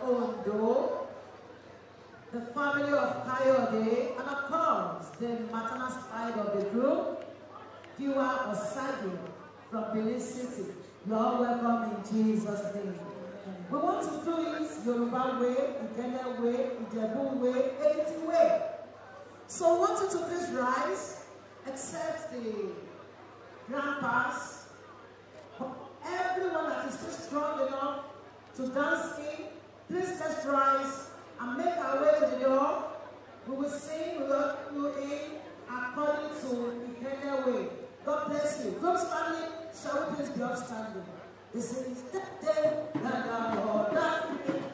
Ondo, the family of Kayode, and of course, the maternal side of the group, Diwa Osagi from Benin City. You are welcome in Jesus' name. We want to do it Yoruba way, Igene way, Ijebu way, Eti way. So what you to this rise, except the grandpas, everyone that is strong enough to dance in Please let's rise and make our way to the door. We will sing, we will you in according to the eternal way. God bless you. Group standing, shall we please be upstanding? standing? This is the day that the Lord has made.